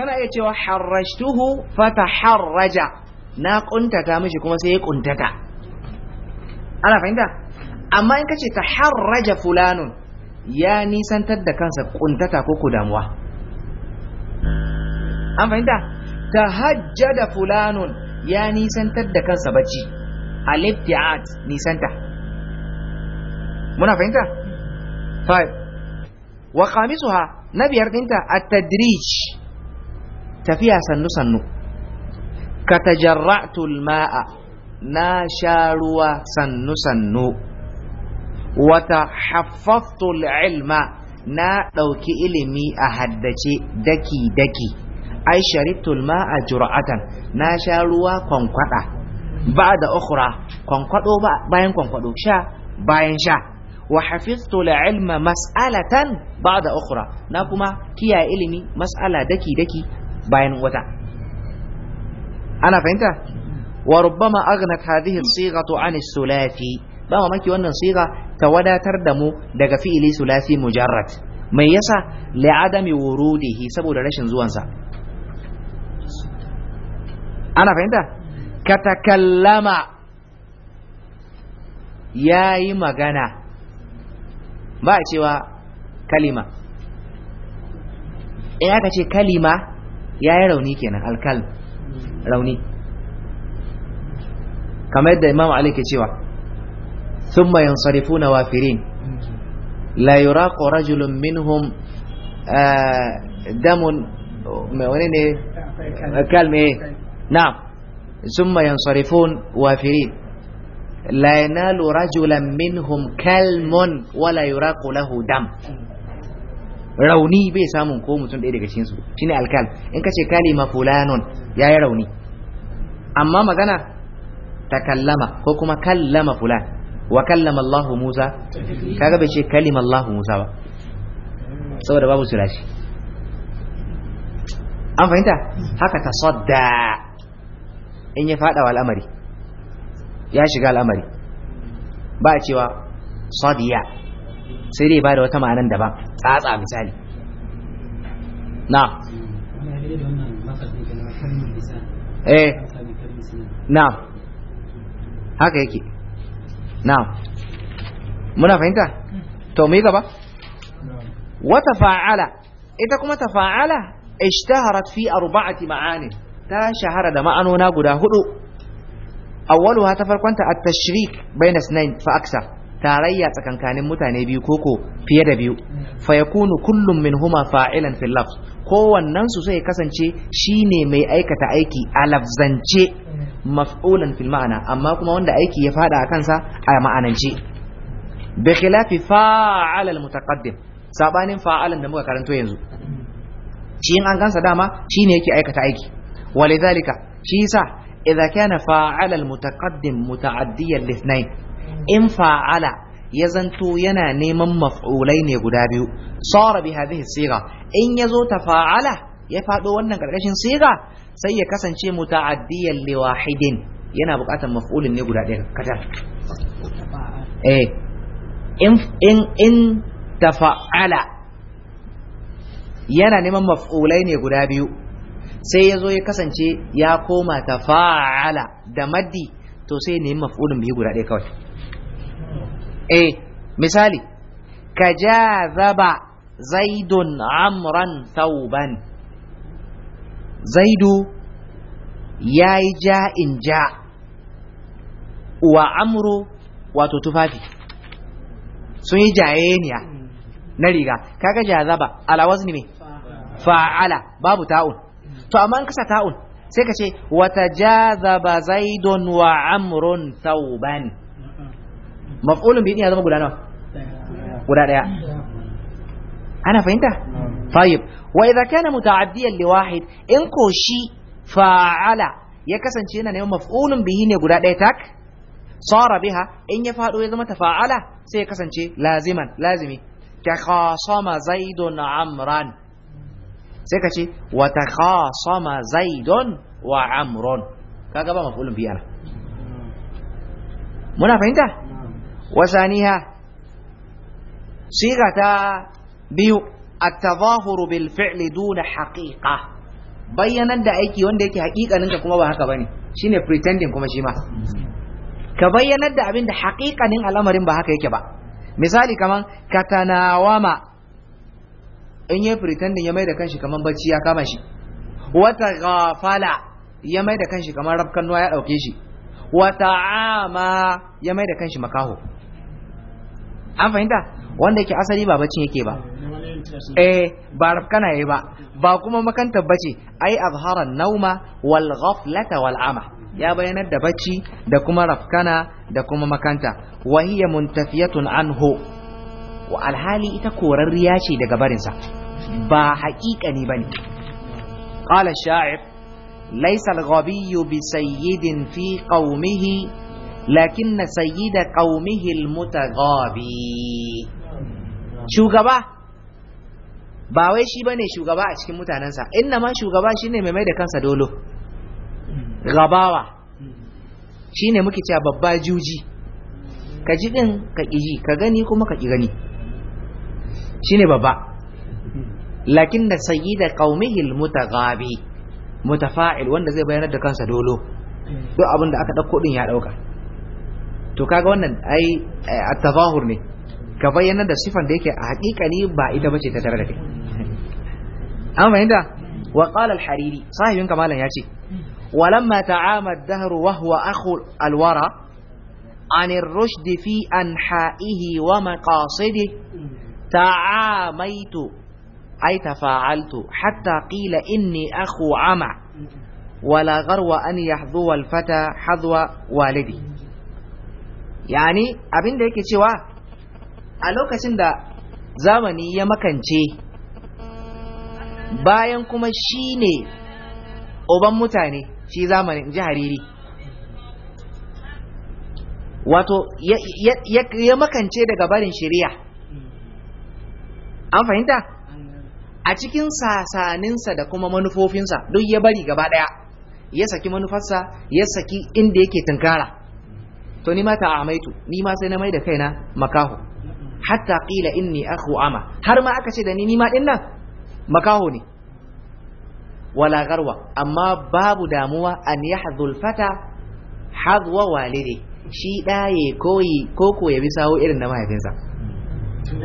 kana iya cewa harrashtuhu fataharraja na kuntata mishi kuma sai ya kuntata ana fahimta amma in kace taharraja fulanun ya nisantar da kansa kuntata ko ku damuwa an fahimta tahajjada fulanun ya nisantar da kansa bacci alibtiat nisanta muna fahimta five wa khamisuha na biyar dinta at-tadrij tafiya sannu sannu ka tajarra'tul ma'a na sha ruwa sannu sannu wata haffaftul ilma na ɗauki ilimi a haddace daki daki ai sharibtul ma'a jur'atan na sha ruwa kwankwada ba da ukhra kwankwado bayan kwankwado sha bayan sha wa hafiztu ilma mas'alatan da ukhra na kuma kiyaye ilimi mas'ala daki daki bayan wata ana fahimta wa rubbama aghnat hadhihi as-sighatu an as ba mamaki wannan siga ta wadatar da mu daga fi'ili sulasi mujarrad mai yasa adami wurudihi saboda rashin zuwansa ana fahimta katakallama yayi magana ba a cewa kalima in eh, aka ce kalima ya yi rauni kenan alkal rauni kamar yadda imam ali ke cewa ثم ينصرفون وافرين لا يراق رجل منهم دم وين كلمة ايه نعم ثم ينصرفون وافرين لا ينال رجلا منهم كلم ولا يراق له دم rauni bai samun ko mutum ɗaya daga cikin shi ne alkal in ka ce kalima fulanon ya yi rauni amma magana ta kallama ko kuma kallama fulan wa kallama Allahu Musa kaga bai ce kalima Allahu Musa ba saboda babu su rashi an fahimta haka ta tasadda in ya fada wa al'amari ya shiga al'amari ba a cewa sadiya sai dai ba da wata ma'anar daban tsatsa misali na eh na haka yake na muna fahimta to mu gaba wata fa'ala ita kuma ta fa'ala ishtaharat fi arba'ati ma'ani ta shahara da ma'anona guda hudu awwaluha ta farkonta at-tashrik bayna sunayn fa aksar tarayya tsakankanin mutane biyu koko fiye da biyu fa yakunu kullum min huma fa'ilan fil lafz kowannen su sai kasance shine mai aikata aiki a lafzance maf'ulan fil ma'ana amma kuma wanda aiki ya fada a kansa a ma'anance bi khilafi fa'ala al mutaqaddim sabanin fa'alan da muka karanto yanzu shi in an gansa dama shine yake aikata aiki walidhalika shi yasa idza kana fa'ala al mutaqaddim muta'addiyan lithnain in fa'ala ya zanto yana neman maf'ulai ne guda biyu sara bi hadhihi siga in yazo fa'ala, ya fado wannan karkashin siga sai ya kasance muta'addiyan li wahidin yana buƙatar maf'ulin ne guda ɗaya kadar eh in in in tafa'ala yana neman maf'ulai ne guda biyu sai yazo ya kasance ya koma tafa'ala da maddi to sai ne maf'ulin biyu guda ɗaya kawai eh misali ka zaba zaidun amran tauban zaidu ya yi ja in ja wa amru wato tufafi sun yi jayeniya na riga kaga jazaba ala wazni me fa'ala babu ta'un to amma an kasa ta'un sai ka ce wata zaba zaidun wa amrun tauban maf'ulun bihi ya zama guda nawa guda daya ana fahimta tayyib wa idza kana muta'addiyan li wahid in ko shi fa'ala ya kasance yana neman maf'ulun bihi ne guda daya tak sara biha in ya fado ya zama tafa'ala sai ya kasance laziman lazimi ka khasama zaidun amran sai ka ce wa takhasama zaidun wa amrun kaga ba maf'ulun bihi ana muna fahimta wasaniha siga ta biyu a tadahuru bil fi'li duna haqiqa bayyanar da aiki wanda yake haƙiƙanin ka kuma ba haka bane shine pretending kuma shi ma ka bayyanar da abin da haƙiƙanin al'amarin ba haka yake ba misali kaman katanawama in yi pretending ya mai da kanshi kamar bacci ya kama shi wata gafala ya mai da kanshi kaman rafkan ya ɗauke shi wata ama ya mai da kanshi makaho an fahimta wanda yake asali ba bacin yake ba eh ba rafkana yayi ba ba kuma makantar bace ai azhara nauma wal ghaflata wal ama ya bayanar da bacci da kuma rafkana da kuma makanta wa hiya muntafiyatun anhu wa alhali ita korarriya ce daga barinsa ba haƙiƙani bane qala sha'ib ليس الغبي بسيد في قومه لكن سيد قومه المتغابي shugaba ba wai shi bane shugaba a cikin mutanensa inna ma shugaba shine mai mai da kansa dolo gabawa shine muke cewa babba juji ka ji din ka kiji ka gani kuma ka ki gani shine babba lakin da sayyida qaumihil mutaghabi mutafa'il wanda zai bayanar da kansa dolo duk abin da aka ɗauko din ya ɗauka to kaga wannan ai eh, a tazahur ne ka bayyana da sifan da yake a haƙiƙani ba ita bace ta tare da kai an fahimta wa qala al-hariri sahibin kamalan ya ce walamma ta'ama ad-dahr wa huwa akhu al-wara عن الرشد في أنحائه ومقاصده تعاميت ai tafa'altu hatta qila inni akhu ama wala garwa an yahdhuwa alfata hadwa walidi yani abin da yake cewa a lokacin da zamani ya makance bayan kuma shi ne uban mutane shi zamanin ji hariri wato ya makance daga barin shiriya, an fahimta a cikin sasaninsa da kuma manufofinsa duk ya bari gaba ɗaya ya saki manufarsa ya saki inda yake tunkara to ni ma ta amaitu ni ma sai na mai da kaina makaho hatta qila inni akhu ama har ma aka ce da ni ni ma din nan makaho ne wala garwa amma babu damuwa an yahdhul fata hadwa walidi shi da ya koyi koko ya bi sawo irin na mahaifinsa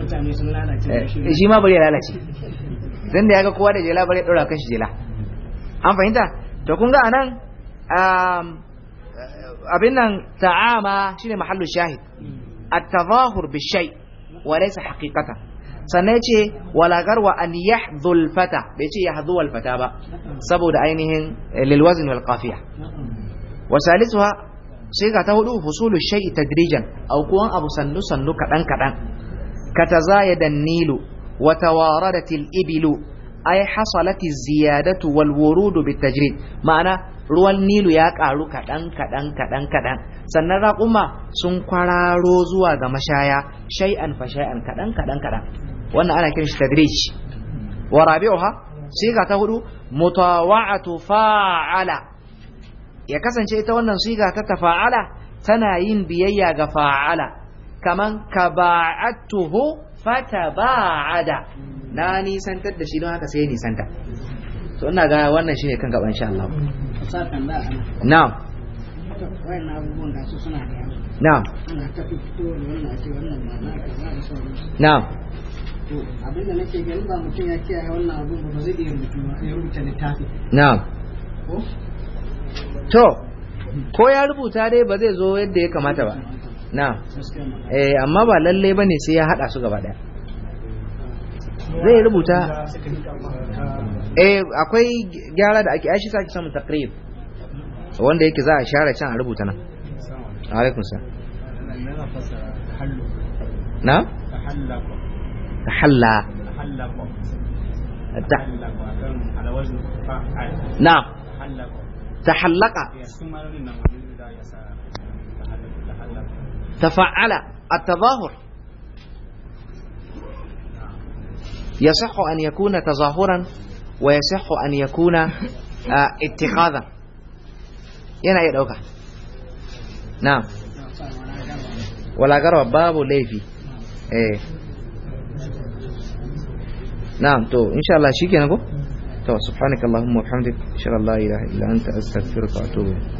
mutane sun lalace eh, shi ma bari ya lalace zan da ya ga kowa da jela bare ɗora shi jela an fahimta to kun ga anan abin nan ta'ama shine mahallu shahid at-tadahur bi shay wa laysa haqiqatan wala garwa an yahdhul fata bai ce ya wal fata ba saboda ainihin eh, lil wazn wal qafiya wa salisuha siga ta hudu husulu shay'i tadrijan au kuwan abu sannu sannu kadan kadan katazayada nilu وتواردت الإبل أي حصلت الزيادة والورود بالتجريد معنى ruwan nilu ya ƙaru kaɗan kaɗan kaɗan kaɗan sannan raƙuma sun kwararo zuwa ga mashaya shay'an fa shay'an kaɗan kaɗan kaɗan wannan ana kiran shi tadrij wa rabi'uha siga ta hudu mutawa'atu fa'ala ya kasance ita wannan siga ta tafa'ala tana yin biyayya ga fa'ala kaman kaba'atuhu fata ada na nisantar da shi don haka sai ya nisanta to ina ga wannan shine kan gaba insha Allah na'am Na. Na. na'am na ka za na'am ba mutum ya wannan ba zai iya ya rubuta littafi na'am to ko ya rubuta dai ba zai zo yadda ya kamata ba na eh amma ba lalle bane sai ya hada su gaba daya zai rubuta eh akwai gyara da ake ashi saki samun takrib wanda yake za a share can a rubuta nan alaikum sa na tahalla na tahallaka تفعل التظاهر يصح أن يكون تظاهرا ويصح أن يكون آه، اتخاذا ينا يدوك إيه نعم ولا قروا باب ليفي ايه نعم تو ان شاء الله شيكي نقول تو سبحانك اللهم وبحمدك ان شاء الله لا اله الا انت استغفرك واتوب اليك